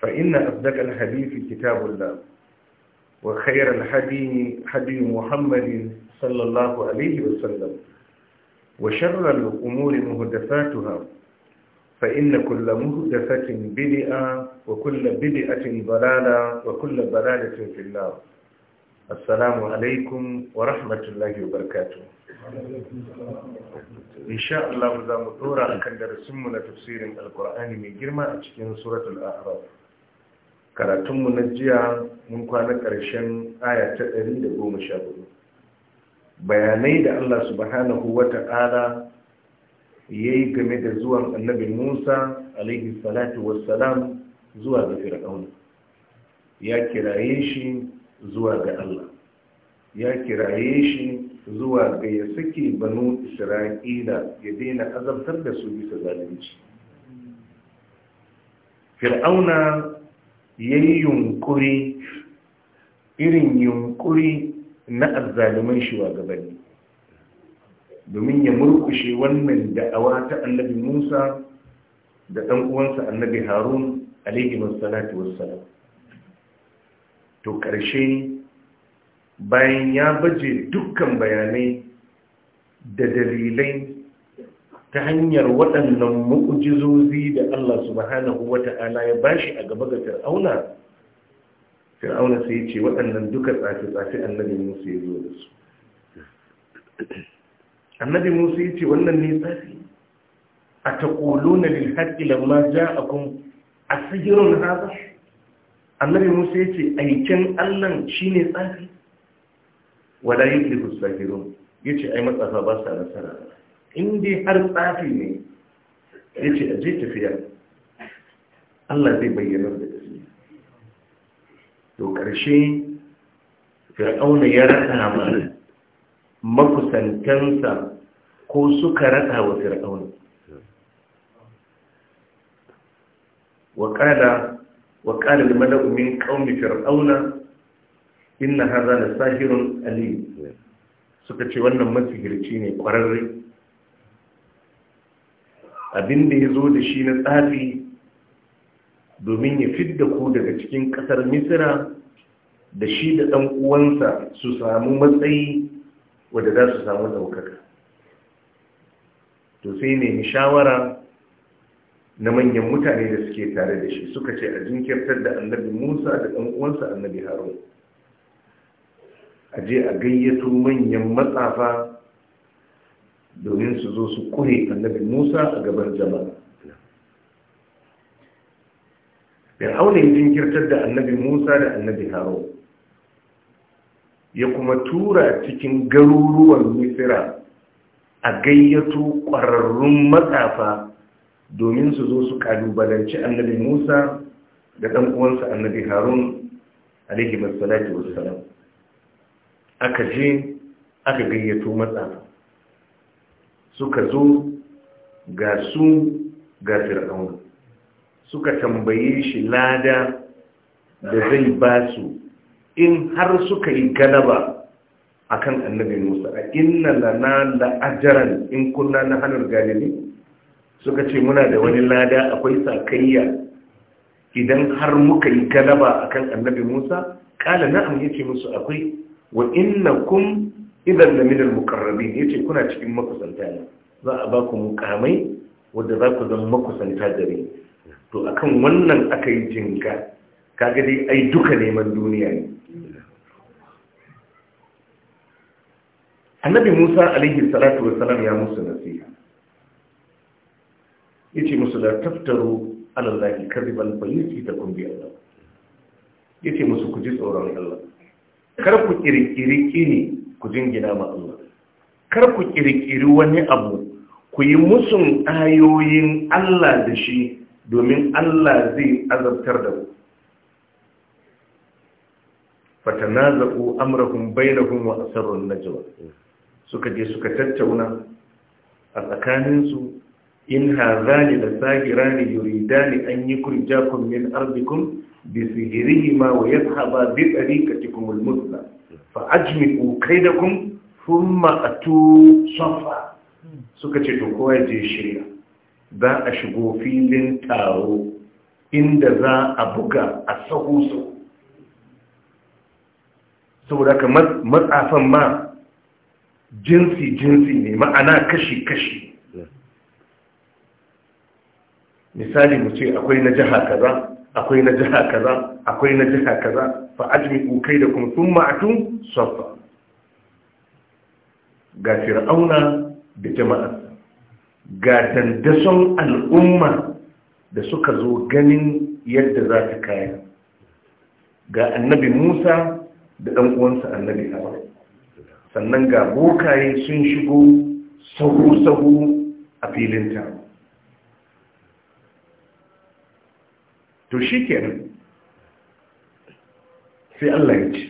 فإن أصدق الحديث كتاب الله وخير الحديث حديث محمد صلى الله عليه وسلم وشر الأمور مهدفاتها فإن كل مهدفة بدئة وكل بدئة ضلالة وكل ضلالة في الله السلام عليكم ورحمة الله وبركاته إن شاء الله ذا مطورة كان درسمنا تفسير القرآن من جرمة سورة الأعراف karatunmu na jiya mun kwana ƙarshen aya ta ɗari da 114 bayanai da Allah subhanahu wa ta'ala ya yi game da zuwan annabi musa alaihi salatu wassalam zuwa ga fir'auna ya kiraye shi zuwa ga Allah ya kiraye shi zuwa ga ya sake banu isra'ila ya daina azabtar da su bisa zalunci fir'auna ya yi yunkuri irin yunkuri na azzaluman shugabanni domin ya murkushe wannan da'awa ta annabi musa da ɗan uwansa annabi harun alaihi wassalatu wassalam to ƙarshe bayan ya baje dukkan bayanai da dalilai ta hanyar waɗannan mu'ujizozi da Allah subhanahu wata'ala ya bashi a gaba ga fir'auna fir'auna sai ce waɗannan duka tsafi-tsafi annabi musa ya zo da su annabi musa ya ce wannan ne tsafi a taƙoluna lil haƙƙi lamma ja a kun a sihirin haza annabi musa ya ce aiken allan shi ne tsafi wala yi ƙirƙus sahirun ya ce ai matsafa ba sa nasara in dai har tsafi ne ya ce aje tafiya Allah zai bayyana da gaske to ƙarshe fir'auna ya raka ma makusantansa ko suka raɗa wa fir'auna وقال وقال الملأ fir'auna, قوم فرعون إن هذا sahirun أليم suka ce wannan masihirci ne ƙwararre abin da ya zo da shi na tsafi domin ya da ku daga cikin ƙasar misira da shi da ɗan uwansa su samu matsayi wadda za su samu ɗaukaka to sai ne nemi shawara na manyan mutane da suke tare da shi suka ce a jinkirtar da annabi musa da ɗan uwansa annabi haro a je a gayyato manyan matsafa domin su zo su kure annabi musa a gaban jama'a fir'auna ya jinkirtar da annabi musa da annabi haro ya kuma tura cikin garuruwan misira a gayyato ƙwararrun matsafa domin su zo su kalubalanci annabi musa da ɗan uwansa annabi harun alaihi masalatu salam. aka je aka gayyato matsafa suka zo ga su ga fir'auna suka tambaye shi lada da zai ba su in har suka yi galaba a kan annabi Musa a inna lana la'ajaran in kunna na hannun galibi suka ce muna da wani lada akwai sakayya idan har muka yi galaba a kan annabi Musa kala na'am yace musu akwai wa innakum idan da minal mukarrabin ya ce kuna cikin makusanta ne za a ba ku mukamai wadda za ku zama makusanta gare to akan wannan aka yi jinka kaga dai ai duka neman duniya ne annabi musa alaihi salatu wassalam ya musu nasiha ya ce musu da taftaru alallahi kariban bayyanci da kumbi allah ya ce musu ku ji tsoron allah kar ku kirkiri kini ku jingina ma Allah kar ku kirkiri wani abu ku yi musun ayoyin Allah da shi domin Allah zai azabtar da ku fatanazaqu amrahum bainahum wa asarru najwa suka je suka tattauna a tsakaninsu in hazani da sahirani yuridani an yi kurjakun min arzikum bi sihirihima wa yadhhaba bi tariqatikum cikin musla fa da kun thumma atu safa suka ce to kowa ya je shirya za a shigo filin taro inda za a buga a sahu saboda ka matsafan ma jinsi jinsi ne ma'ana kashi kashi misali mu ce akwai na jiha kaza akwai na jiha kaza akwai na jiha kaza fa ajmi'u kaidakum thumma atum saffa ga fir'auna da jama'a ga dandason al'umma da suka zo ganin yadda za ta kaya ga annabi musa da ɗan uwansa annabi hawa sannan ga bokaye sun shigo sahu-sahu a filin taro to shi kenan sai Allah ya ce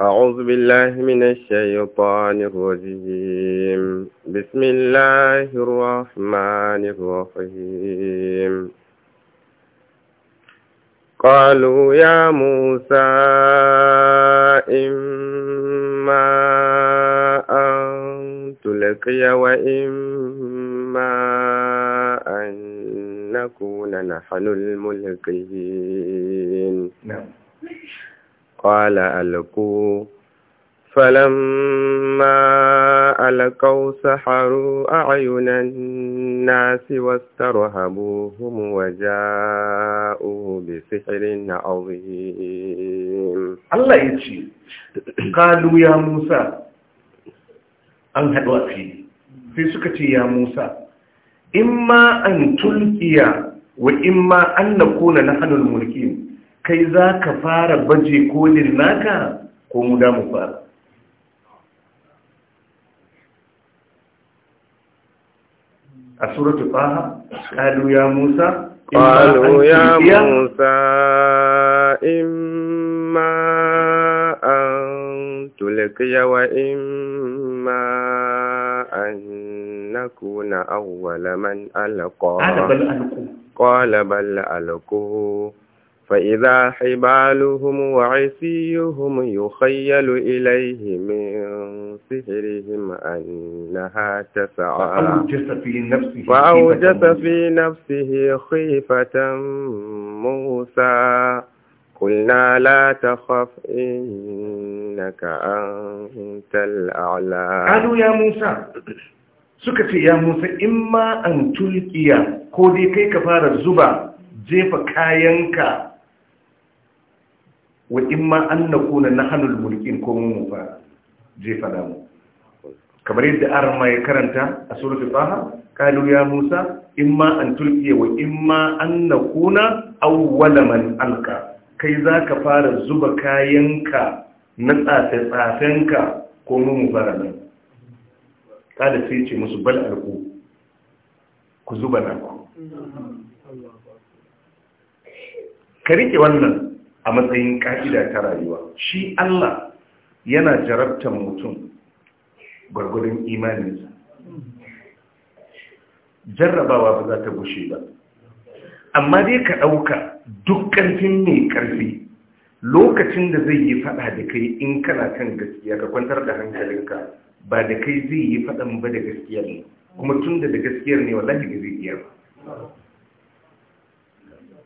أعوذ بالله من الشيطان الرجيم بسم الله الرحمن الرحيم قالوا يا موسى إما أن تلقي وإما أن نكون نحن الملقين نعم قال ألقوا فلما ألقوا سحروا أعين الناس واسترهبوهم وجاءوا بسحر عظيم الله يجي قالوا يا موسى أنهدوا فيه في سكتي يا موسى imma an tulkiya wa imma an na kona na hannun mulki kai za ka fara baje kolin naka ko mu damu fara a suratu faha ƙalu ya musa قالوا يا موسى إما أن تلقي وإما أكون أول من ألقى قال بل ألقوه قال بل ألقوا فإذا حبالهم وعصيهم يخيل إليه من سحرهم أنها تسعى فأوجس في نفسه خيفة موسى قلنا لا تخف إنك أنت الأعلى قالوا يا موسى suka ce ya musa in ma an tulkiya ko dai kai ka fara zuba jefa kayanka wa in ma an na kuna na hannun mulkin ko mu fara jefa damu. kamar yadda arama ya karanta a surutu faha kalu ya musa in ma an tulkiya wa in ma an na kuna auwala man alka kai za ka fara zuba kayanka na tsafe-tsafenka ko mu fara nan kada sai ce musu bal alku ku zuba na ku ka rike wannan a matsayin ka'ida ta rayuwa shi Allah yana jarabtar mutum gwargwadon imaninsa jarrabawa ba za ta gushe ba amma dai ka ɗauka duk ƙarfin mai ƙarfi lokacin da zai yi faɗa da kai in kana kan gaskiya ka kwantar da hankalinka ba da kai zai yi faɗan ba da gaskiyar ne kuma tun da da gaskiyar ne wallahi da zai iya ba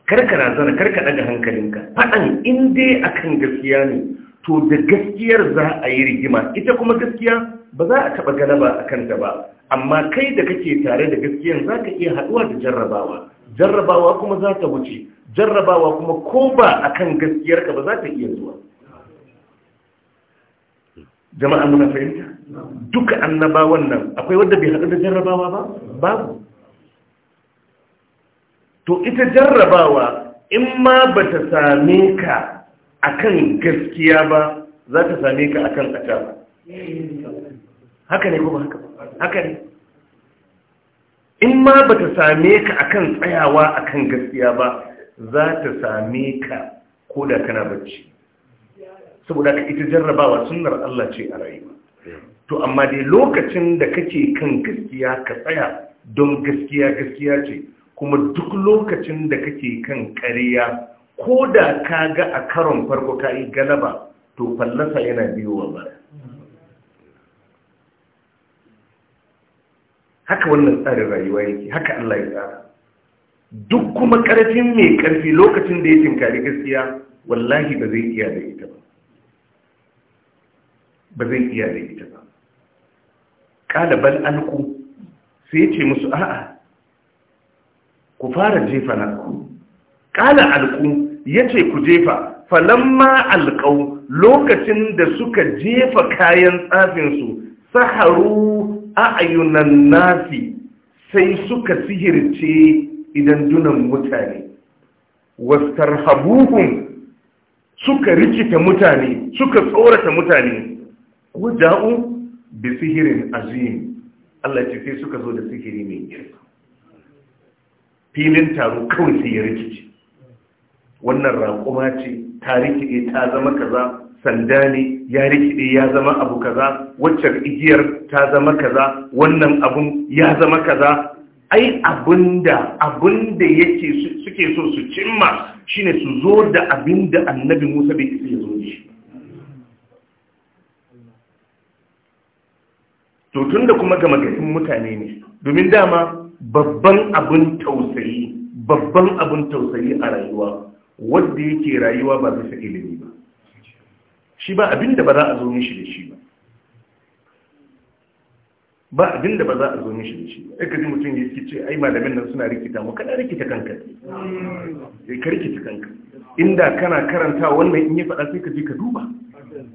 karka razana karka daga hankalinka faɗan in dai akan gaskiya ne to da gaskiyar za a yi rigima ita kuma gaskiya ba za a taɓa galaba a kanta ba amma kai da kake tare da gaskiyar za ka iya haɗuwa da jarrabawa jarrabawa kuma za ta wuce jarrabawa kuma ko ba akan gaskiyarka ba za ta iya zuwa jama'a muna fahimta duka annaba wannan, akwai wadda bai haɗu da jarrabawa ba babu to ita jarrabawa in ma ba ta same ka akan gaskiya ba za ta same ka akan ƙasa ba haka ne kuma haka haka ne in ma ba ta same ka akan tsayawa akan gaskiya ba za ta same ka ko da kana bacci saboda ka ita jarrabawa sunnar Allah ce a rayuwa to amma dai lokacin da kake kan gaskiya ka tsaya don gaskiya gaskiya ce kuma duk lokacin da kake kan ƙarya ko da ka ga a karon farko ka yi galaba to fallasa yana wa ba haka wannan tsarin rayuwa yake haka Allah ya tsara duk kuma ƙarfin mai karfi lokacin da ya tinkari gaskiya wallahi ba zai iya da ita ba ba zai iya da ita ba ƙalaban alku sai ya ce musu a'a ku fara jefa na ku ƙala alku ya ce ku jefa falamma alƙau lokacin da suka jefa kayan tsafinsu saharu a'ayunan nasi, nafi sai suka sihirce idan dunan mutane wastar habuhun suka rikita mutane suka tsorata mutane wujau bi sihirin azim Allah ce sai suka zo da sihiri mai girma filin taro kawai sai ya rikice. wannan raƙuma ce ta rikide ta zama kaza sanda ne ya rikide ya zama abu kaza waccan igiyar ta zama kaza wannan abun ya zama kaza ai abinda abinda yake suke so su cimma shine su zo da abinda annabi Musa bai isa ya zo shi to da kuma gama garin mutane ne domin dama babban abin tausayi babban abin tausayi a rayuwa wadda yake rayuwa ba bisa ilimi ba shi ba abin da ba za a zo mishi da shi ba ba abin da ba za a zo mishi da shi ba aka ji mutum ya ce ai malamin nan suna rikita mu kana rikita kanka sai ka rikita kanka inda kana karanta wannan in ya faɗa sai ka je ka duba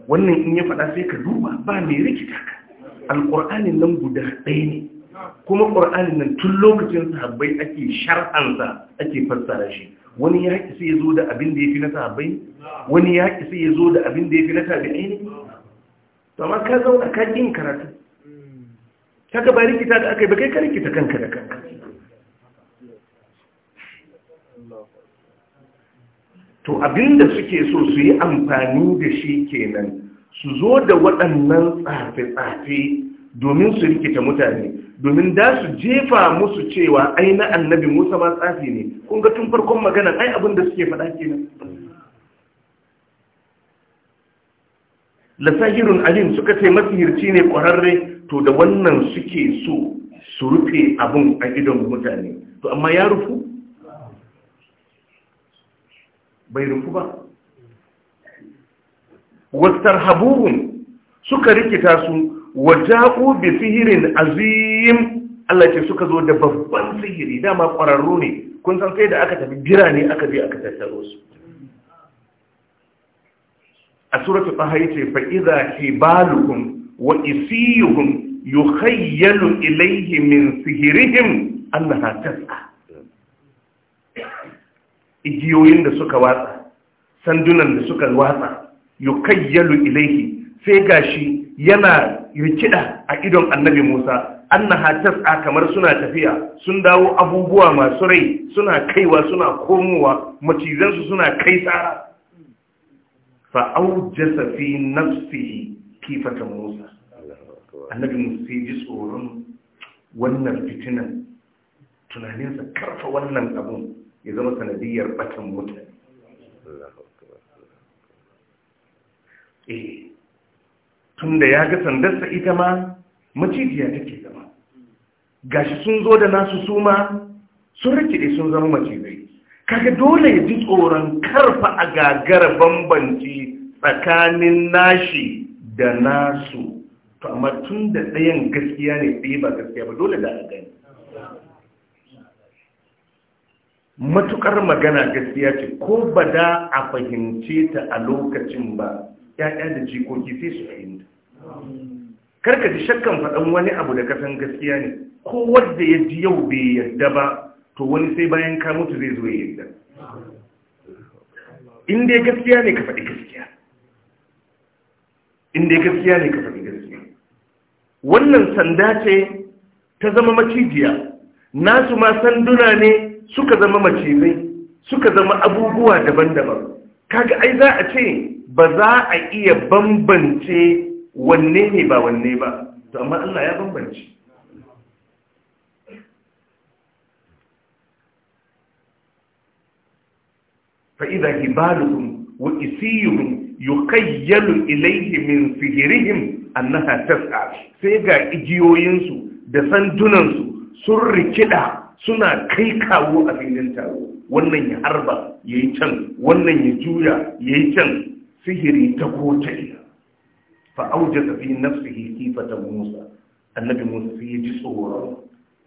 wannan in ya faɗa sai ka duba ba mai rikita ka alƙur'anin nan guda ɗaya ne kuma ƙur'anin nan tun lokacin sahabbai ake shar'ansa ake fassara shi wani ya ƙi sai ya zo da abin da ya fi na sahabbai wani ya ƙi sai ya zo da abin da ya fi na tabi'ai ne to amma ka zauna ka ƙin karatu kaga ba rikita da aka yi ba kai ka rikita kanka da kanka to abinda suke so su yi amfani da shi kenan su zo da waɗannan tsafe-tsafe domin su rikita mutane domin da su jefa musu cewa ai na annabi musa ma tsafi ne kun tun farkon magana ai abin da suke faɗa kenan lasahirun alim suka ce masihirci ne ƙwararre to da wannan suke so su rufe abin a idon mutane to amma ya rufu bai rufu ba wastarhabuhum suka rikita su waja'u bi sihirin azim Allah ce suka zo da babban sihiri dama ƙwararru ne kun san sai da aka tafi birane aka je aka tattaro su a suratul taha yace fa idza hibaluhum wa isiyuhum yukhayyalu ilayhi min sihirihim annaha tas'a igiyoyin da suka watsa sandunan da suka watsa yukayyalu ilaihi sai gashi yana rikida a idon annabi Musa annaha tas'a kamar suna tafiya sun dawo abubuwa masu rai suna kaiwa suna komowa macizansu suna kai tsara fa aujasa fi nafsihi kifata Musa annabi Musa ji tsoron wannan fitinan tunaninsa karfa wannan abun ya zama sanadiyar batan mutane eh tunda ya ga sandarsa ita ma macijiya take zama gashi sun zo da nasu suma sun rikide sun zama macizai kaga dole ya ji tsoron karfa a gagara bambanci tsakanin nashi da nasu to amma tun da ɗayan gaskiya ne tsaye ba gaskiya ba dole da a gani matukar magana gaskiya ce ko ba da a fahimce ta a lokacin ba 'ya'ya da jikoki sai su fahimta karka ji shakkan faɗan wani abu da kasan gaskiya ne ko wadda ya ji yau bai yarda ba to wani sai bayan ka mutu zai zo ya yarda in dai gaskiya ne ka faɗi gaskiya Inda gaskiya ne ka faɗi gaskiya wannan sanda ce ta zama macijiya nasu ma sanduna ne suka zama macizai suka zama abubuwa daban-daban kaga ai za a ce ba za a iya bambance wanne ne ba wanne ba to amma Allah ya bambance fa idza hibaluhum wa isiyuhum yuqayyalu ilayhi min sihrihim annaha tas'a sai ga igiyoyinsu da sandunansu sun rikida suna kai kawo a filin taro wannan ya harba ya yi can wannan ya juya ya yi can sihiri ta kota ina fa auja tafi nafsihi sifatan musa annabi musa sai ji tsoron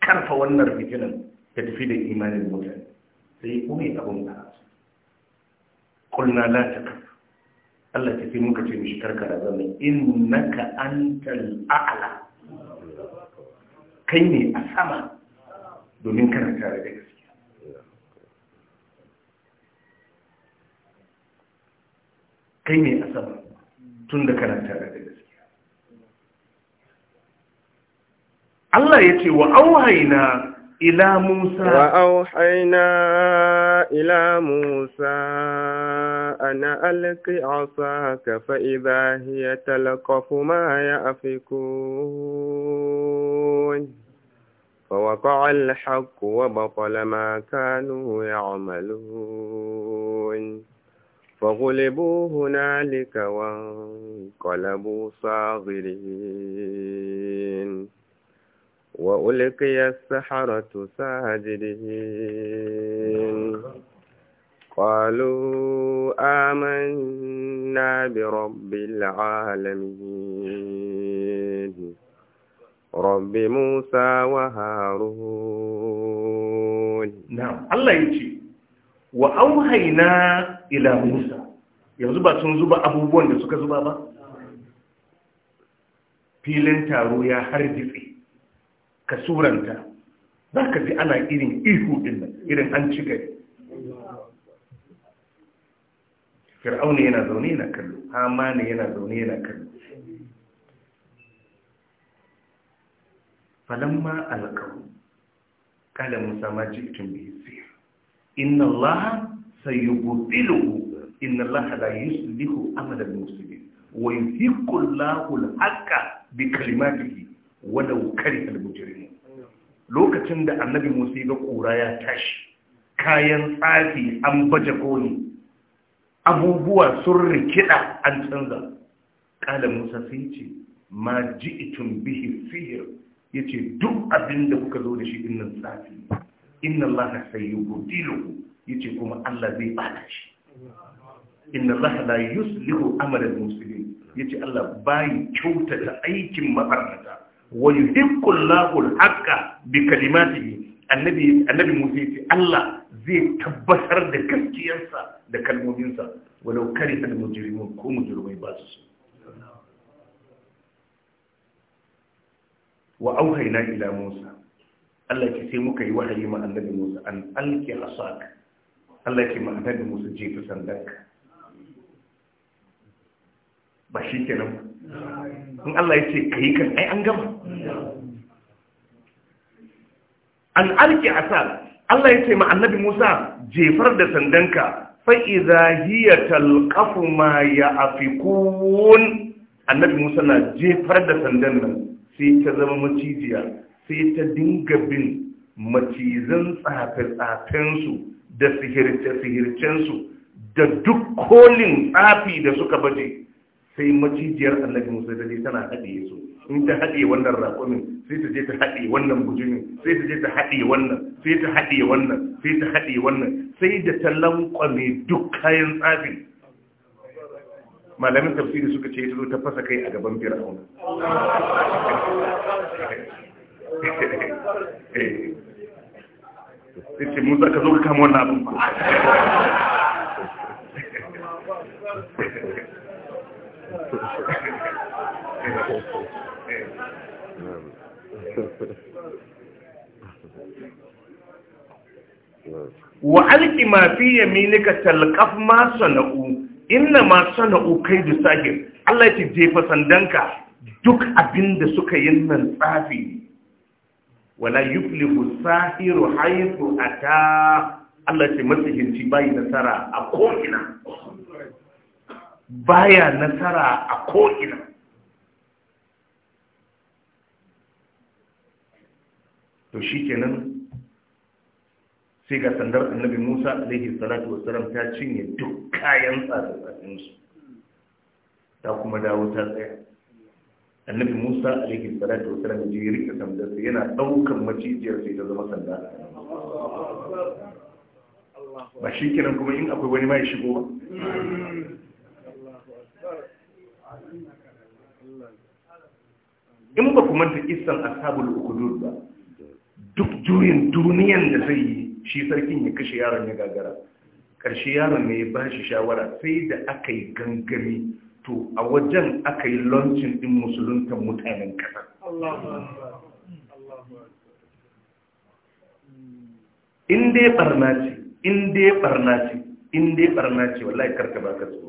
karfa wannan fitinan ta tafi da imanin mutane sai kuma abin da kulna la takaf Allah ta fi muka ce mishi karkara zama innaka antal a'la kai ne a sama domin kana tare da كيمي ne asabar tun da kana tare da gaskiya إلى موسى وأوحينا إلى موسى أنا ألقي عصاك فإذا هي تلقف ما يأفكون فوقع الحق وبطل ما كانوا يعملون فغلبوا هنالك وانقلبوا صاغرين وألقي السحرة ساجدين قالوا آمنا برب العالمين رب موسى وهارون نعم الله يجي وأوهينا إلى موسى yanzu ba sun zuba abubuwan da suka zuba ba filin taro ya jitse ka suranta za ka ji ana irin ihu din irin an ci gari fir'auna yana zaune yana kallo hamani yana zaune yana kallo falamma alƙawu. Kada musa ma bai siyar inna allaha sayyubtiluhu inna allaha la yuslihu amala al-muslimin wa yuhiqqu allahu al-haqqa bi kalimatihi walau kariha al-mujrimun lokacin da annabi Musa ga ƙura ya tashi kayan tsafi an baje koli abubuwa sun rikida an canza kala Musa sai ce ma ji'tum bihi sihir yace duk abinda kuka zo da shi dinnan tsafi inna allaha sayyubdiluhu yace kuma Allah zai bata shi inna allaha la yuslihu amalan muslimin yace Allah bai kyautata aikin mabarnata wa yuhiqqu Allahu al-haqqa bi kalimatihi annabi annabi Musa yace Allah zai tabbatar da gaskiyarsa da kalmominsa walau kariha al-mujrimun ko mujrimai ba su wa auhayna ila Musa Allah ke sai muka yi wahayi ma annabi Musa an alki asak Allah ke ma annabi Musa jefa sandanka ba shi kenan in Allah ya ce yi kan ai an gama an alki asal Allah ya ce ma annabi Musa jefar da sandanka fa idza hiya talqafu ma ya'fikun annabi Musa na jefar da sandan nan sai ta zama macijiya sai ta dinga bin macizan tsafe-tsafensu da sihirce-sihircensu da duk kolin tsafi da suka baje sai macijiyar annabi musa ta je tana haɗe su in ta haɗe wannan raƙumin sai ta je ta haɗe wannan bujimin sai ta je ta haɗe wannan sai ta haɗe wannan sai ta haɗe wannan sai da ta lankwame duk kayan tsafin malamin tafsiri suka ce ta zo ta fasa kai a gaban fir'auna sai eh. ce musa ka zo ka kama wannan abin ko wa ma fi yaminika talqaf ma sana'u inna ma sana'u kai da sagir Allah ya jefa sandanka duk abinda suka yi nan tsafi wala yuflihu sahiru haythu ata Allah ya matsihinci bai nasara a ko ina. baya nasara a ko'ina to shi kenan sai ga sandar annabi musa alaihi salatu wasalam ta cinye duk kayan su. ta kuma dawo ta tsaya annabi musa alaihi salatu wasalam ji rike sai yana daukan macijiyar sai ta zama sanda ba shi kenan kuma in akwai wani mai shigo ba in ba ku manta isan ashabul ukudur ba duk juyin duniyan da zai yi shi sarkin ya kashe yaron ya gagara ƙarshe yaron ne ya ba shi shawara sai da aka yi gangami to a wajen aka yi launcin din musulunta mutanen kasar in dai barna ce in dai barna ce in dai barna ce wallahi karka ba ka so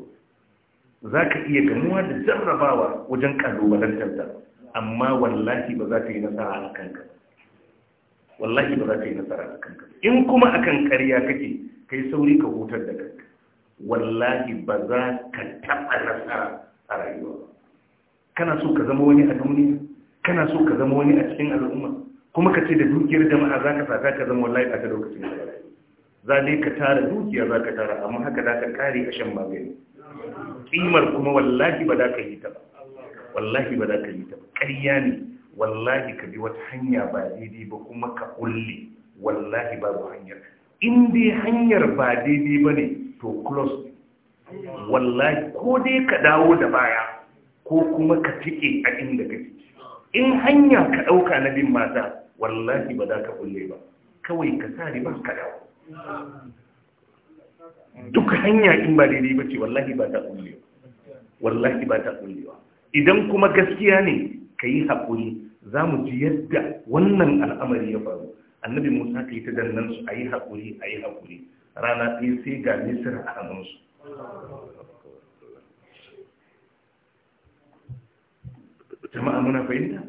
za ka iya ganuwa da jarrabawa wajen kalubalantar ta amma wallahi ba za ta yi nasara a kanka wallahi ba za ta yi nasara a kanka in kuma akan karya kake kai sauri ka hutar da kanka wallahi ba za ka taɓa nasara a rayuwa kana so ka zama wani a duniya kana so ka zama wani a cikin al'umma kuma ka ce da dukiyar jama'a za ka sata ka zama wallahi a ta lokacin da za dai ka tara dukiya za ka tara amma haka za ka kare a shan magani kimar kuma wallahi ba za ka yi ta ba wallahi ba za ka yi ta ba ƙarya ne wallahi ka bi wata hanya ba daidai ba kuma ka kulle wallahi babu hanyar in dai hanyar ba daidai ba ne to close wallahi ko dai ka dawo da baya ko kuma ka tike a inda kake in hanya ka ɗauka na bin mata wallahi ba za ka kulle ba kawai ka sare ba ka dawo duk hanya in ba daidai ba ce wallahi ba ta kulle wallahi ba ta kullewa idan kuma gaskiya ne ka yi haƙuri za mu ji yadda wannan al'amari ya faru annabi musa ka yi ta dannan su a yi haƙuri a yi haƙuri rana ɗaya sai ga misira a hannunsu jama'a muna fahimta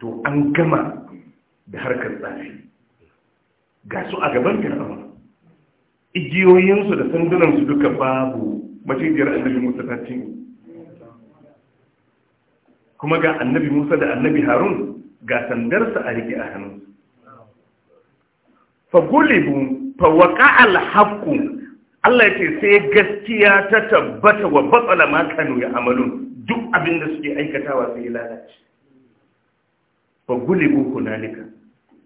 to an gama da harkar tsafi ga su a gaban fir'aun igiyoyinsu da sandunansu duka babu macijiyar annabi musa ta ce. kuma ga annabi musa da annabi harun ga sandarsa a riƙe a hannun fagulibu fawaka alhaku allah ya ce sai gaskiya ta tabbata wa batsala makanu ya amalun duk abin da suke aikatawa sai lalace fagulibu hunalika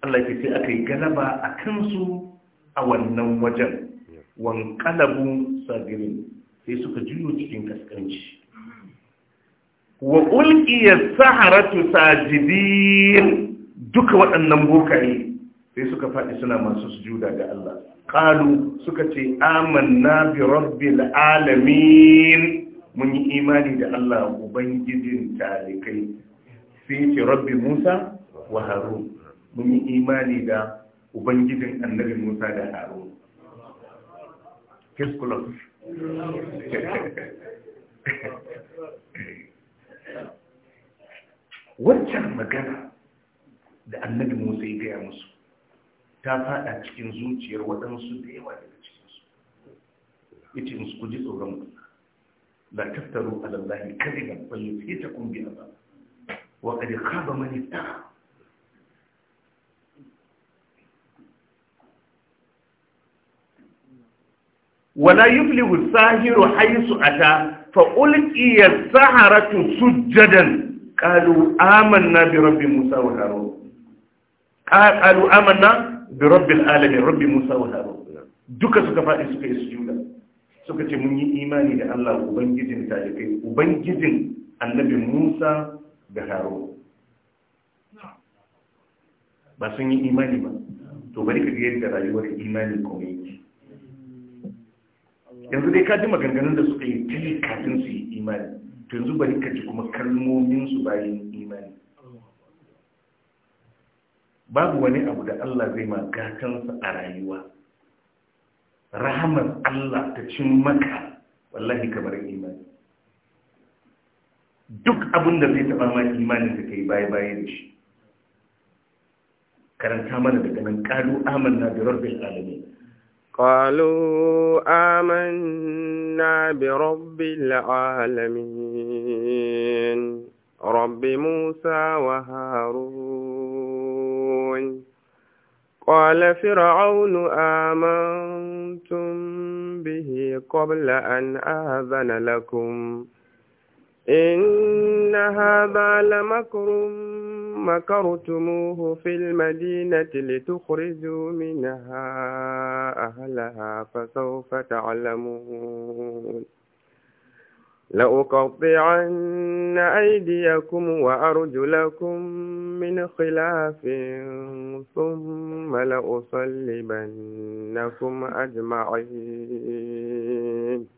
allah ya ce sai aka yi galaba a kansu a wannan wajen Wan wankalabu sabirin sai suka juyo cikin kaskanci wa ulqiya saharatu sajidin duka waɗannan bokaye sai suka faɗi suna masu sujuda ga Allah qalu suka ce amanna bi rabbil alamin mun yi imani da Allah ubangijin talikai sai ce rabbi Musa wa Harun mun yi imani da ubangijin annabi Musa da Harun his Waccan magana da annabi Musa ya gaya musu ta fada cikin zuciyar waɗansu da yawa daga cikinsu. Ita musu ku tsoron la tattaru alallahi kadiban fayyufi ta kumbi azaba wa kadi khaba man wala yuflihu sahiru haisu ata fa ulqiya sujjadan qalu amanna bi rabbi musa wa harun qalu amanna bi rabbil alamin rabbi musa wa harun duka suka fadi suka yi sujuda suka ce mun yi imani da Allah talibai annabi musa da ba sun yi imani ba to bari ka yadda rayuwar imani kuma yake yanzu dai kaji ji maganganun da suka yi tun kafin su yi imani to yanzu bari ka ji kuma kalmomin su bayan imani babu wani abu da Allah zai ma a rayuwa rahamar Allah ta cin maka wallahi kamar imani duk abin da zai taba ma imanin da kai baya baya da shi karanta mana daga nan kalu amanna bi rabbil alamin قالوا آمنا برب العالمين رب موسى وهارون قال فرعون آمنتم به قبل أن آذن لكم إن هذا لمكر مكرتموه في المدينة لتخرجوا منها أهلها فسوف تعلمون لأقطعن أيديكم وأرجلكم من خلاف ثم لأصلبنكم أجمعين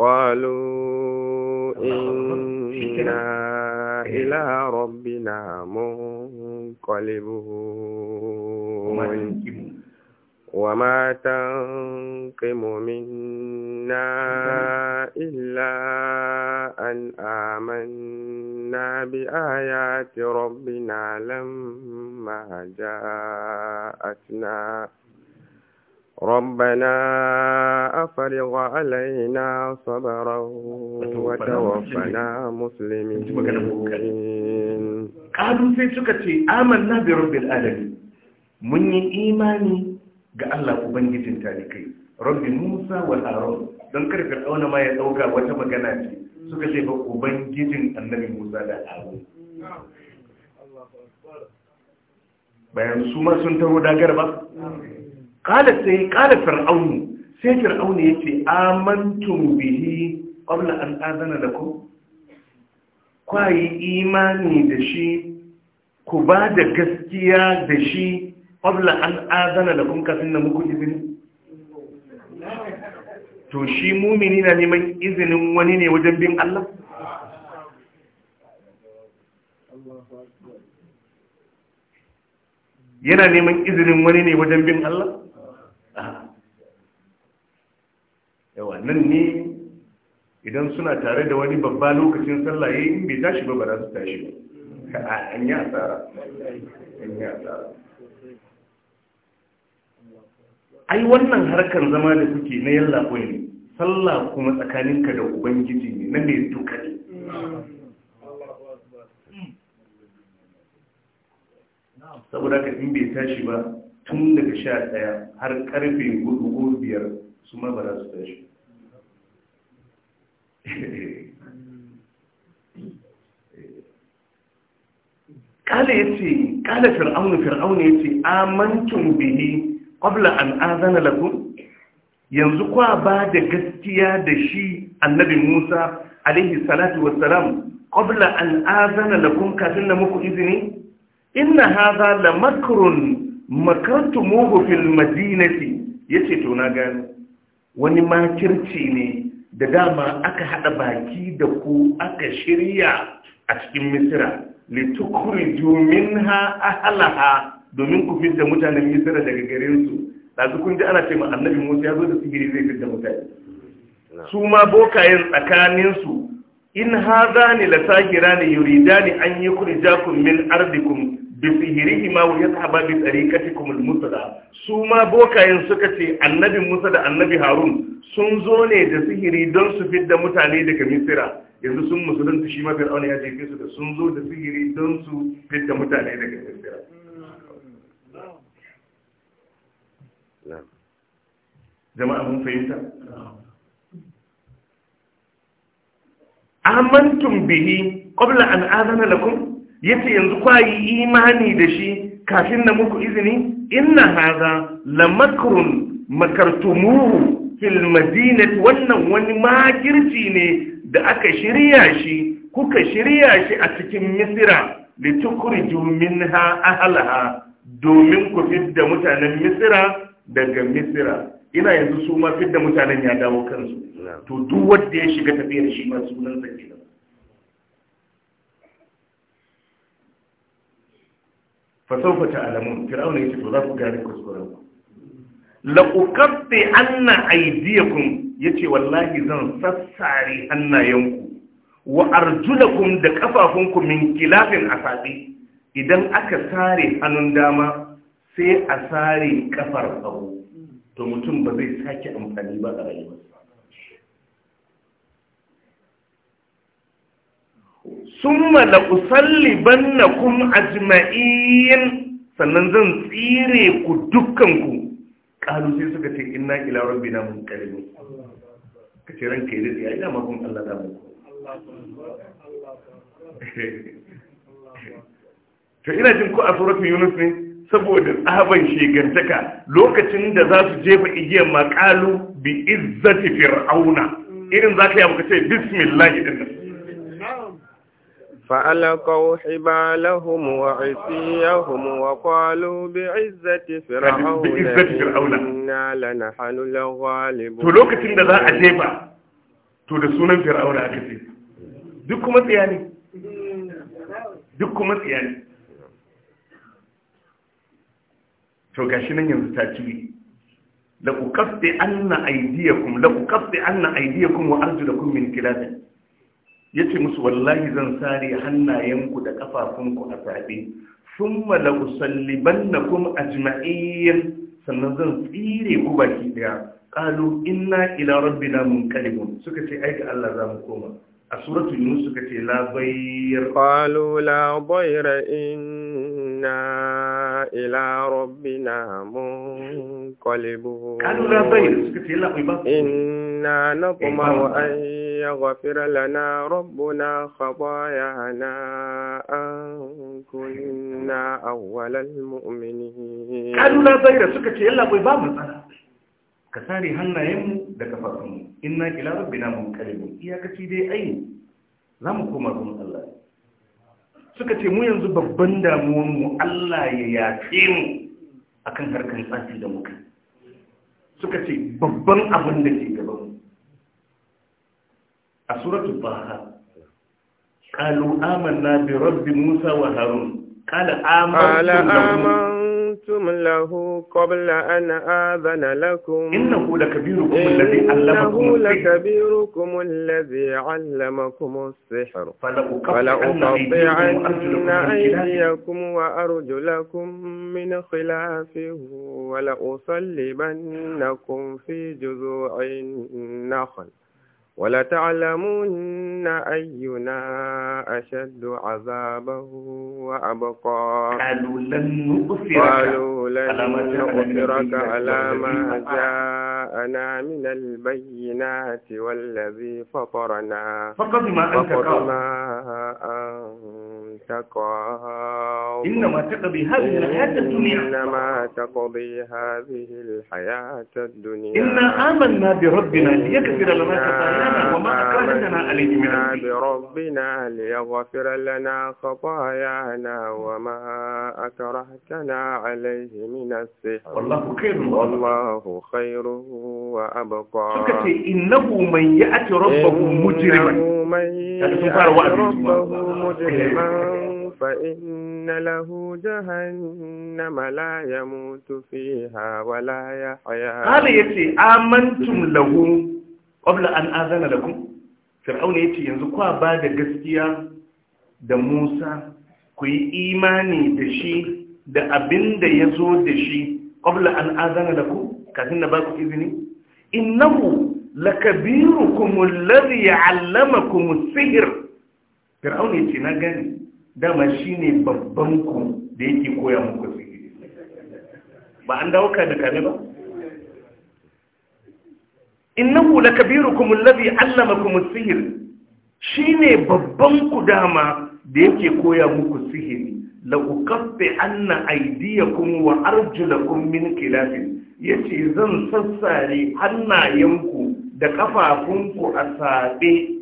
قالوا إنا إلى ربنا منقلبون وما تنقم منا إلا أن آمنا بآيات ربنا لما جاءتنا ربنا أفرغ علينا صبرا وتوفنا مسلمين قالوا في سكتي آمنا برب العالمين من إيماني قال الله أبنجي تاريخي رب موسى والأرون don kar fir'auna ma ya dauka wata magana ce suka ce ba ubangijin annabi Musa da Harun bayan su ma sun taho dagar ba kala sai kala fir'aunu sai fir'aunu yace amantum bihi qabla an azana lakum kwayi imani da shi ku ba da gaskiya da shi qabla an azana lakum kafin na muku izini to shi mumini na neman izinin wani ne wajen bin Allah yana neman izinin wani ne wajen bin Allah nan ne idan suna tare da wani babba lokacin sallah in bai tashi ba ba za su tashi ba a yi asara an yi asara ai wannan harkar zama da kuke na yalla ne sallah kuma tsakaninka da ubangiji ne na mai duka ne saboda ka in bai tashi ba tun daga sha ɗaya har karfe gudu biyar su ma ba za su tashi kala ya ce kala fir'aunu fir'aunu ya ce amantun bihi ƙwabla an azana lagun yanzu kwa ba da gaskiya da shi annabi musa alaihi salatu wassalam ƙwabla an azana lagun kafin na muku izini inna haza la makarun makartu mugu fil madinati ya ce to na gani. wani makirci ne da dama aka haɗa baki da ku aka shirya a cikin misira litukuriju minha ahlaha domin ku fitar mutanen misira daga garin su dazu kun ji ana cewa annabi Musa ya zo da sigiri zai fitar mutane su ma bokayen tsakanin su in hadani la sahirani yuridani an yukhrijakum min ardikum bisihirihima wa yadhhaba bi tariqatikum al-musla su ma bokayen suka ce annabi Musa da annabi Harun sun zo ne da sihiri don su fidda mutane daga Misira yanzu sun musulunta shi ma Fir'auna ya jefe su da sun zo da sihiri don su fidda mutane daga Misira jama'a mun fahimta amantum bihi qabla an adana lakum yace yanzu kwayi imani da shi kafin na muku izini inna haza la makrun makartumuhu wannan wani makirci ne da aka shirya shi kuka shirya shi a cikin misira da tukurju minha ahlaha domin ku fidda mutanen misira daga misira ina yanzu su ma fidda mutanen ya dawo kansu to duk wanda ya shiga tafiyar shi ma sunan sa fasaufa ta alamun fir'auna yace to za ku gane kuskuren ku la uqatti anna aydiyakum yace wallahi zan sassare hannayenku wa arjulakum da kafafunku min kilafin asabi idan aka sare hannun dama sai a sare kafar hagu to mutum ba zai sake amfani ba a rayuwarsa summa la usallibannakum ajma'in sannan zan tsire ku dukkanku kalu sai suka ce inna ila rabbina munqalibun kace ranka yi dai ina ma kun Allah da mu to ina jin ko a suratul yunus ne saboda tsaban shegantaka lokacin da za su jefa igiyar makalu bi izzati fir'auna irin ka yi abu ce bismillah din فألقوا حبالهم وعصيهم وقالوا بعزة فرعون بعزة فرعون إنا لنحن الغالبون تو لوكتين ده ذا أجيبا تو ده سنن فرعون أكتب duk kuma tsiya ne duk kuma tsiya ne to gashi nan yanzu ta ciwi la ku kafte anna aydiyakum la ku kafte anna aydiyakum wa arjulakum ya ce musu wallahi zan sare hannayenku da kafafunku a zaɓe sun mala usalliban na kuma ajma'iyyar sannan zan tsire ku baki ɗaya ƙalu inna ila rabbina mun kalimun, suka ce aiki Allah za mu koma a suratu yunus suka ce la bayr qalu la bayra inna ila rabbina munqalibun qalu la bayr suka ce la bayr inna wa an yaghfira lana rabbuna khataayana an kunna awwalal mu'minin qalu la bayr suka ce la bayr ba matsala ka sare hannayenmu da kafafunmu inna ila rabbina munqalibun iyakaci dai ai za mu koma gurin Allah suka ce mu yanzu babban damuwar mu Allah ya yafe mu akan harkan tsafi da muka suka ce babban abin da ke gaba mu a suratul baha qalu amanna bi rabbi musa wa harun qala amanna قلتم له قبل أن آذن لكم إنه لكبيركم الذي علمكم إنه لكبيركم الذي علمكم السحر فلأقطعن أيديكم وأرجلكم من خلافه ولأصلبنكم في جذوع النخل ولتعلمن أينا أشد عذابا وأبقى قالوا لن نؤثرك قالوا لن نؤثرك على ما جاءنا من البينات والذي فطرنا فقد ما أنت قال إنما تقضي هذه الحياة الدنيا إنما تقضي هذه الحياة الدنيا إنا آمنا بربنا ليغفر لنا خطايانا وما أكرهتنا عليه من الدين بربنا ليغفر لنا خطايانا وما أكرهتنا عليه من السحر والله خير والله خير وأبقى إنه من يأتي ربه مجرما إنه من يعني يأتي ربه مجرما فإن له جهنم لا يموت فيها ولا يحيا قال يتي آمنتم له قبل أن آذن لكم فرعون يتي ينزقوا بعد قسطيا da Musa ku yi imani da shi da abinda ya zo da shi ƙwabla an azana da ku kafin na ba ku izini innahu lakabiru kuma lari ya kuma sihir ya ce na gani dama shi ne babban ku da yake koya muku sihiri ba an dauka da kame ba innahu lakabirukum allazi allamakum as-sihr shine babban ku dama da yake koya muku sihiri la uqaffi anna aydiyakum wa arjulakum min khilaf yace zan sassare hannayenku da kafafunku a sabe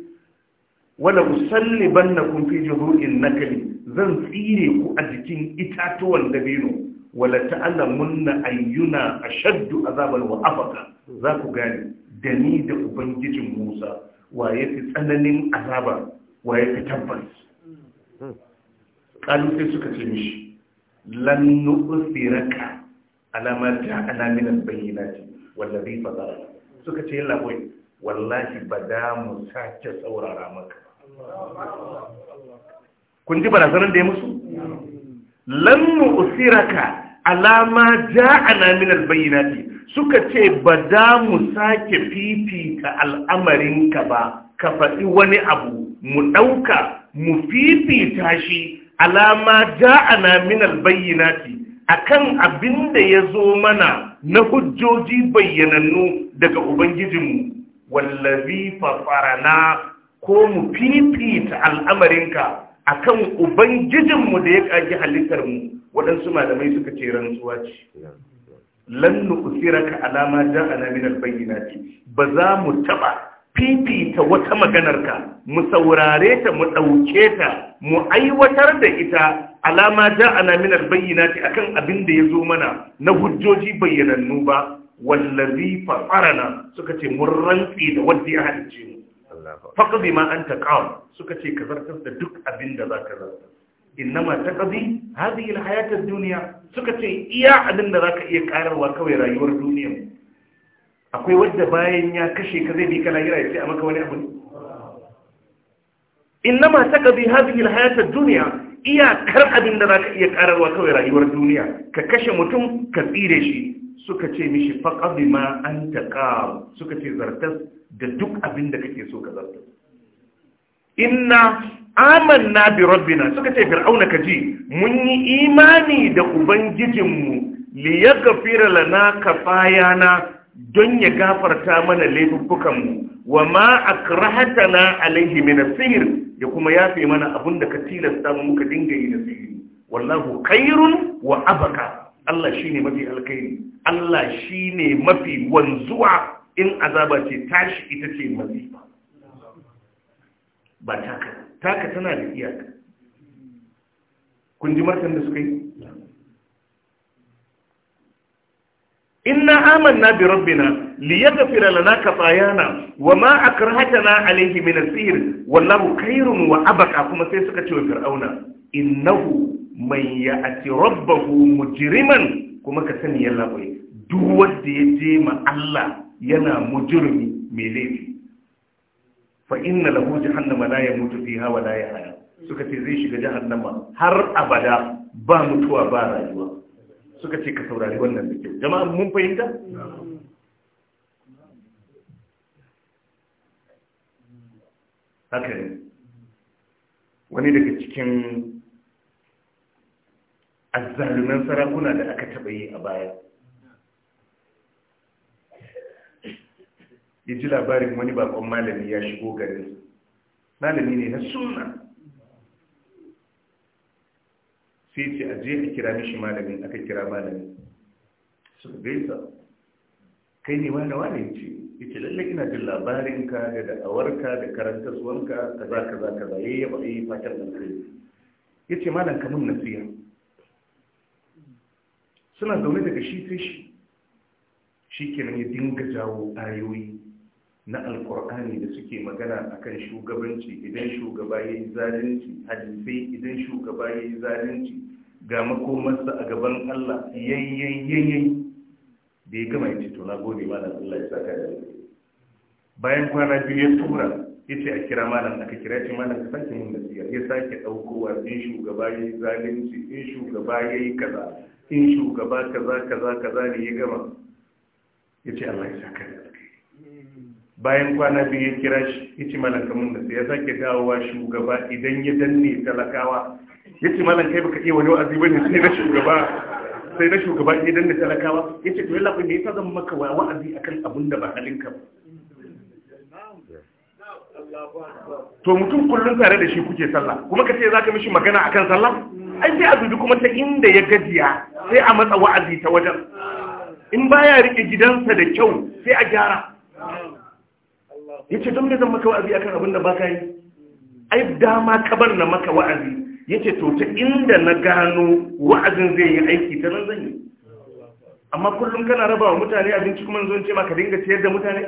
wala usalliban na kun fi jihurin nakali zan tsire ku a jikin itatuwan dabino wala ta'alamun na ayyuna a shaddu azabar wa afaka za ku gani, da ni da ubangijin musa wa ya fi tsananin azaba wa ya fi tabbas kalu suka ce mishi lan nu'thiraka alama ta alaminan bayyinati wallazi fadara suka ce yalla boy wallahi ba da mu sake saurara maka kun ji barazanar da ya musu lannu usiraka alama ja'ana min albayyinati suka ce ba za mu sake fifita al'amarinka ba ka faɗi wani abu mu ɗauka mu fifita shi alama ja'ana min albayyinati akan abin da ya zo mana na hujjoji bayyanannu daga ubangijinmu wallazi fafarana ko mu fifita al'amarinka akan ubangijinmu da ya kage halittar waɗansu malamai suka ce rantsuwa ce lan ka alama ja'ana min al ce. ba za mu taɓa fifita wata maganarka mu saurare ta mu ɗauke ta mu aiwatar da ita alama ja'ana min ce akan abin da zo mana na hujjoji bayyanannu ba wallazi farana suka ce mun rantsi da wanda ya halice mu faqdi ma an qam suka ce ka zartar da duk abin da za zaka zartar innama taqdi hadhihi alhayat hayatar duniya suka ce iya abin da za ka iya kararwa kawai rayuwar duniya akwai wanda bayan ya kashe ka zai bi ka lahira ya ce a maka wani abu innama taqdi hadhihi alhayat hayatar duniya iya kar abin da za ka iya kararwa kawai rayuwar duniya ka kashe mutum ka tsire shi suka ce mishi faqdi ma an qam suka ce zartas da duk abin da kake so ka zarta inna amanna bi rabbina suka ce fir'auna ji mun yi imani da ubangijinmu li yaghfira lana kafayana don ya gafarta mana laifukanmu wa ma akrahatana alaihi min sihir ya kuma yafe mana abin da ka tilasta mu muka dinga yi da sihiri wallahu khairun wa abaka Allah shine mafi alkhairi Allah shine mafi wanzuwa in azaba ce tashi ita ce mazi ba taka taka tana da iyaka kun ji martan da suka yi inna amanna bi rabbina liyaghfira lana khatayana wama akrahatana alayhi min as-sihr wallahu khayrun wa abqa kuma sai suka ce wa fir'auna innahu man ya'ti rabbahu mujriman kuma ka sani yalla bai duk wanda ya je Allah yana mujurmi mai laifi fa inna lahu jahannama la yamutu fiha wa la yahya suka ce zai shiga jahannama har abada ba mutuwa ba rayuwa suka ce ka saurari wannan da kyau jama'a mun fahimta haka wani daga cikin azzaluman sarakuna da aka taɓa yi a baya ya ji labarin wani bakon malami ya shigo garin malami ne na suna sai ce a je a kira mishi malamin aka kira malamin su gaisa kai ne wani wani ce ya ce lallai ina jin labarinka da da'awarka da ka kaza kaza kaza ya yi yaba yi fatan da kai ya ce malam kamun nasiya suna zaune daga shi sai shi shi kenan ya dinga jawo ayoyi na alkur'ani da suke magana akan shugabanci idan shugaba ya yi zalunci hadisai idan shugaba ya yi zalunci ga makomarsa a gaban allah yayyayyayyayi da ya gama ya ce to na gode malam allah ya saka da bayan kwana biyu ya tura ya ce a kira malam aka kira ce malam ka sake yin nasiya ya sake ɗaukowa in shugaba ya yi zalunci in shugaba ya yi kaza in shugaba kaza kaza kaza ne ya gama ya ce allah ya saka da bayan kwana biyu ya kira shi ya ci malanka mun da sai ya sake dawowa shugaba idan ya danne talakawa ya ci malanka baka iya wani wa'azi bane sai na shugaba sai na shugaba ya danne talakawa ya ce to yalla kun ne yasa zan maka wa'azi akan abin da ba halinka ba to mutum kullum tare da shi kuke sallah kuma kace zaka mishi magana akan sallah ai sai a dubi kuma ta inda ya gajiya sai a matsa wa'azi ta wajen in baya rike gidansa da kyau sai a gyara yace don me zan maka wa'azi akan abin da baka yi ai dama ka bar na maka wa'azi yace to ta inda na gano wa'azin zai yi aiki ta nan zan yi amma kullum kana raba wa mutane abinci kuma zan ce maka dinga ciyar da mutane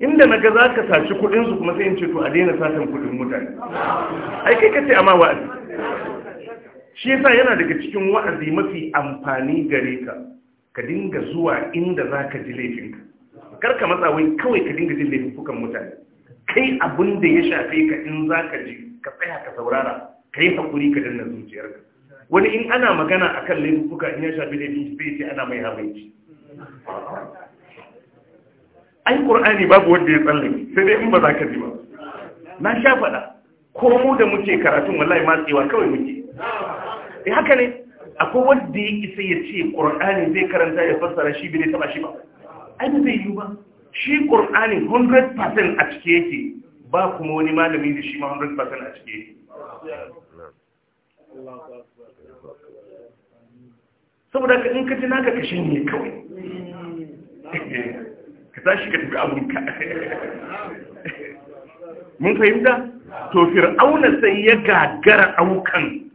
inda na ga za ka saci kudinsu kuma sai in ce to a daina satan kudin mutane ai kai kace amma wa'azi shi yasa yana daga cikin wa'azi mafi amfani gare ka ka dinga zuwa inda za ka ji laifinka karka matsa wai kawai ka dinga jin laifukan mutane kai abin da ya shafe ka in za ka ji ka tsaya ka saurara ka yi haƙuri ka danna zuciyarka wani in ana magana a kan laifuka in ya shafe laifin sai ce ana mai habaici ai ƙur'ani babu wanda ya tsalle sai dai in ba za ka ji ba na sha faɗa ko mu da muke karatun wallahi tsewa kawai muke eh haka ne akwai wanda ya isa ya ce ƙur'ani zai karanta ya fassara shi bai taɓa shi ba ai zai yi ba shi ƙur'ani 100% a cike yake ba kuma wani malami da shi ma 100% a cike yake saboda ka in ka ji naka kashe ne kawai ka tashi ka tafi abinka mun fahimta to fir'auna sai ya gagara aukan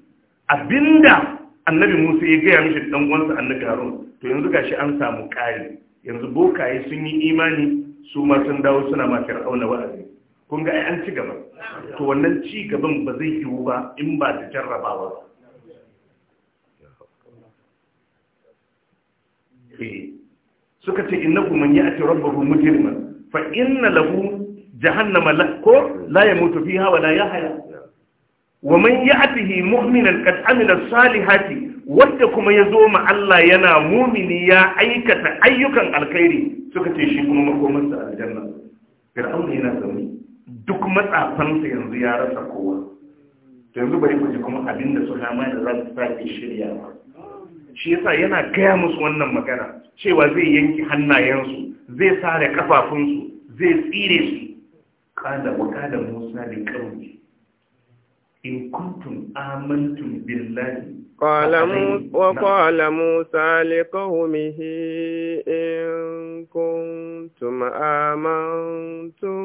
abinda annabi musa ya gaya mishi dan uwansa annabi harun to yanzu gashi an samu ƙari yanzu bokaye sun yi imani su sun dawo suna ma fir'auna wa'azi kun ga ai an ci gaba to wannan ci gaban ba zai yiwu ba in ba da jarrabawa ba eh. suka ce innahu man ya'ti rabbahu mujriman fa inna lahu jahannama la ko la yamutu fiha wa ya haya? wa man ya'tihi mu'minan qad amila salihati wanda kuma ya zo ma Allah yana mumini ya aikata ayyukan alkhairi suka ce shi kuma makomarsa aljanna fir'auna yana zaune duk matsafansa yanzu ya rasa kowa to yanzu bari ku ji kuma abin da su hama da za su sake shirya ba shi yasa yana gaya musu wannan magana cewa zai yanki hannayensu zai sare kafafunsu zai tsire su kada wa kada musa da kauni in kuntum amantum billahi قال وقال موسى لقومه إن كنتم آمنتم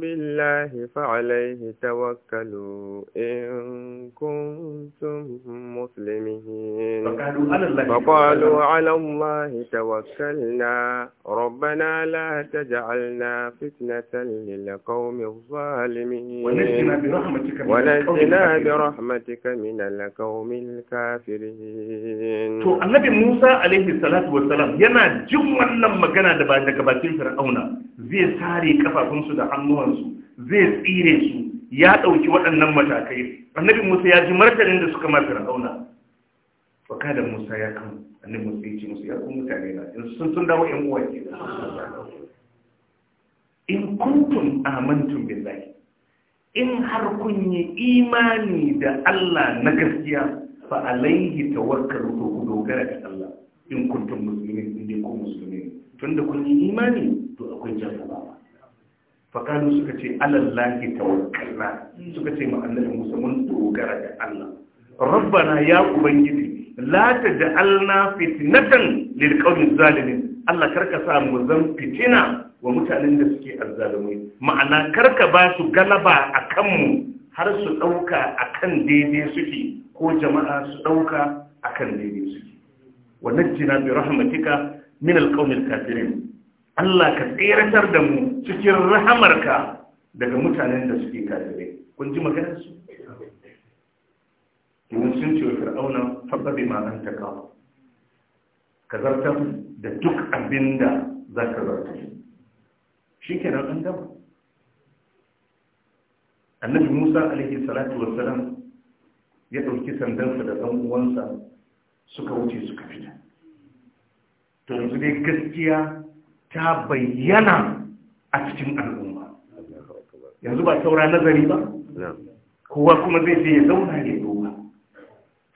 بالله فعليه توكلوا إن كنتم مسلمين وقالوا على الله توكلنا ربنا لا تجعلنا فتنة للقوم الظالمين ونجنا برحمتك من القوم الكافرين kafirin to annabi musa alaihi salatu wa salam, yana jin wannan magana da ba daga bakin fir'auna zai sare kafafunsu da hannuwansu zai tsire su ya ɗauki waɗannan matakai annabi musa ya ji martanin da suka ma fir'auna faka da musa ya kan annabi musa ya ce musu ya kuma mutane na in sun sun dawo yan uwa ke in kuntum amantum billahi in har kun yi imani da Allah na gaskiya fa alaihi tawakkalu ku dogara ga Allah in kuntum muslimin in dai ku musulmi tunda kun yi imani to akwai jarrabawa fa kanu suka ce alallahi tawakkalna suka ce ma Allah musamman dogara ga Allah rabbana ya ubangiji la taj'alna fitnatan lil qawmi zalimin Allah karka sa mu zan fitina wa mutanen da suke azzalumai ma'ana karka ba su galaba akan mu har su dauka akan daidai suke ko jama'a su ɗauka a kan daidai suke wannan jina bi rahmatika min alƙaunin kafirin Allah ka tseratar da mu cikin rahamarka daga mutanen da suke kafirai kun ji maganar su domin sun ce wa fir'auna faɓaɓe ma an ta kawo ka zartar da duk abin da za ka zartar shi kenan an dama annabi musa alaihi salatu wassalam ya ɗauki sandansa da ɗan uwansa suka wuce suka fita to yanzu dai gaskiya ta bayyana a cikin al'umma yanzu ba saura nazari ba kowa kuma zai je ya zauna ya doma.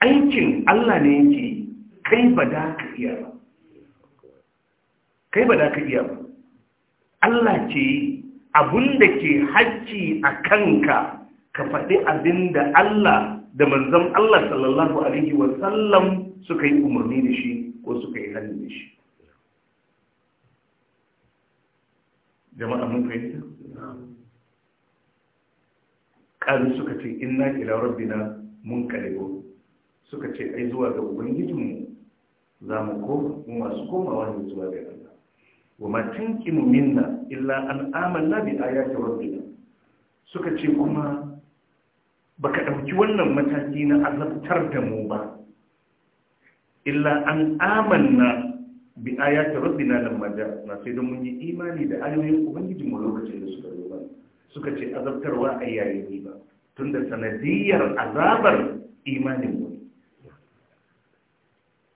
aikin Allah ne yake kai ba da ka iya ba kai ba da ka iya ba Allah ce abun da ke hajji a kanka ka faɗi abin da Allah da manzon Allah sallallahu alaihi wa sallam suka yi umarni da shi ko suka yi hannu da shi jama'a mun fahimta kazu suka ce inna ila rabbina mun karibo suka ce ai zuwa ga ubangijinmu za mu koma mu masu komawa ne zuwa ga Allah wa ma minna illa an amanna bi ayati rabbina suka ce kuma baka ɗauki wannan mataki na azabtar da mu ba illa an amanna bi ayati rabbina lamma ja'na sai da mun yi imani da ayoyin ubangiji mu lokacin da suka zo ba suka ce azabtarwa a yayin ba tunda sanadiyar azabar imanin mu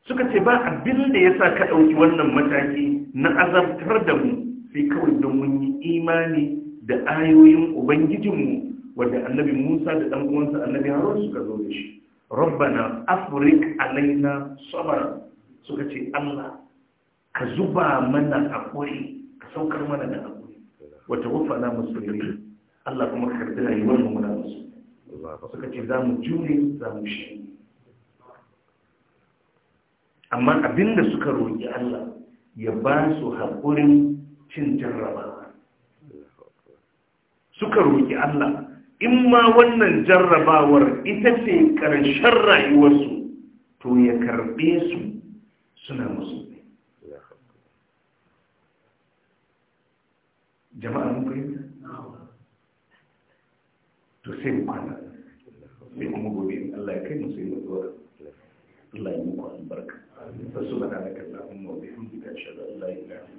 suka ce ba abin da yasa ka ɗauki wannan mataki na azabtar da mu sai kawai don mun yi imani da ayoyin ubangijinmu Wadda annabi Musa da dan uwansa annabi Harun suka zo da shi rabbana afrik alaina sabra suka ce Allah ka zuba mana hakuri ka saukar mana da hakuri wa tawaffana muslimin Allah kuma ka karbi rayuwar mu muna musu suka ce za mu jure za mu shi amma abinda suka roƙi Allah ya ba su haƙurin cin jarrabawa. suka roƙi Allah in ma wannan jarrabawar ita ce ƙarshen rayuwarsu to ya karɓe su suna musulmi jama'a mun fahimta to sai mu kwana sai kuma gobe in Allah ya kai mu sai mu tsora Allah ya muku albarka fa subhanaka allahumma wa bihamdika ashhadu an la ilaha